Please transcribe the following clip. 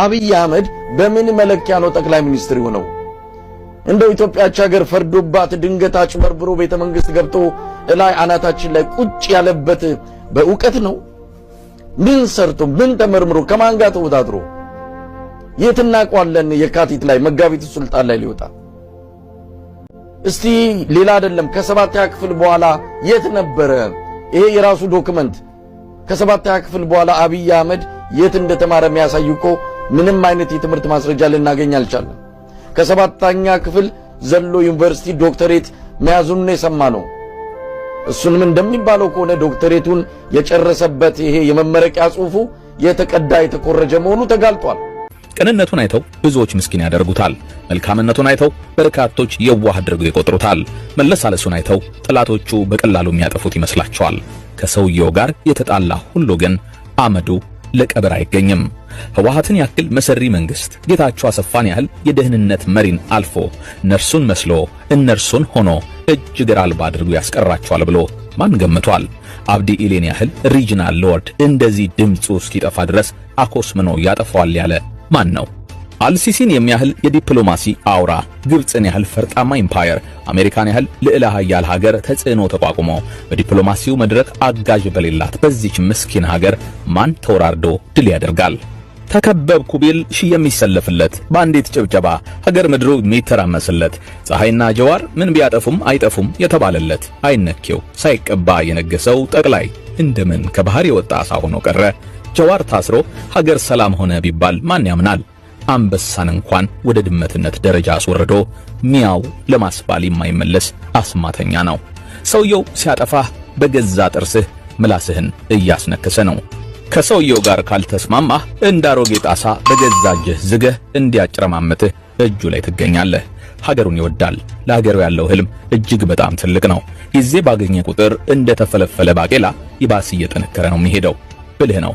አብይ አህመድ በምን መለኪያ ነው ጠቅላይ ሚኒስትር የሆነው? እንደው ኢትዮጵያች ሀገር ፈርዶባት ድንገት አጭበርብሮ ቤተ መንግስት ገብቶ እላይ አናታችን ላይ ቁጭ ያለበት በእውቀት ነው? ምን ሰርቶ ምን ተመርምሮ ከማን ጋር ተወዳድሮ የት እናቋለን? የካቲት ላይ መጋቢት ሱልጣን ላይ ሊወጣ እስቲ ሌላ አይደለም ከሰባተኛ ክፍል በኋላ የት ነበረ? ይሄ የራሱ ዶክመንት ከሰባተኛ ክፍል በኋላ አብይ አህመድ የት እንደተማረ የሚያሳይ እኮ ምንም አይነት የትምህርት ማስረጃ ልናገኝ አልቻለም። ከሰባተኛ ክፍል ዘሎ ዩኒቨርሲቲ ዶክተሬት መያዙን የሰማ ነው። እሱንም እንደሚባለው ከሆነ ዶክተሬቱን የጨረሰበት ይሄ የመመረቂያ ጽሑፉ የተቀዳ የተኮረጀ መሆኑ ተጋልጧል። ቅንነቱን አይተው ብዙዎች ምስኪን ያደርጉታል። መልካምነቱን አይተው በርካቶች የዋህ አድርገው ይቆጥሩታል። መለሳለሱን አይተው ጠላቶቹ በቀላሉ የሚያጠፉት ይመስላቸዋል። ከሰውየው ጋር የተጣላ ሁሉ ግን አመዱ ለቀብር አይገኝም። ህወሓትን ያክል መሰሪ መንግስት ጌታቸው አሰፋን ያህል የደህንነት መሪን አልፎ ነርሱን መስሎ እነርሱን ሆኖ እጅ እግር አልባ አድርጎ ያስቀራቸዋል ብሎ ማን ገምቷል? አብዲ ኢሌን ያህል ሪጅናል ሎርድ እንደዚህ ድምፁ እስኪጠፋ ድረስ አኮስምኖ ያጠፋዋል ያለ ማን ነው? አልሲሲን የሚያህል የዲፕሎማሲ አውራ፣ ግብፅን ያህል ፈርጣማ ኢምፓየር፣ አሜሪካን ያህል ልዕለ ሀያል ሀገር ተጽዕኖ ተቋቁሞ በዲፕሎማሲው መድረክ አጋዥ በሌላት በዚች ምስኪን ሀገር ማን ተወራርዶ ድል ያደርጋል? ተከበብኩ ቢል ሺ የሚሰለፍለት በአንዲት ጭብጨባ ሀገር ምድሩ የሚተራመስለት ፀሐይና ጀዋር ምን ቢያጠፉም አይጠፉም የተባለለት አይነኬው ሳይቀባ የነገሰው ጠቅላይ እንደምን ከባህር የወጣ አሳ ሆኖ ቀረ? ጀዋር ታስሮ ሀገር ሰላም ሆነ ቢባል ማን ያምናል? አንበሳን እንኳን ወደ ድመትነት ደረጃ አስወርዶ ሚያው ለማስባል የማይመለስ አስማተኛ ነው። ሰውየው ሲያጠፋህ በገዛ ጥርስህ ምላስህን እያስነከሰ ነው። ከሰውየው ጋር ካልተስማማህ እንዳሮጌ አሮጌ ጣሳ በገዛ እጅህ ዝገህ እንዲያጭረማምትህ እጁ ላይ ትገኛለህ። ሀገሩን ይወዳል። ለሀገሩ ያለው ህልም እጅግ በጣም ትልቅ ነው። ጊዜ ባገኘ ቁጥር እንደ ተፈለፈለ ባቄላ ይባስ እየጠነከረ ነው የሚሄደው። ብልህ ነው።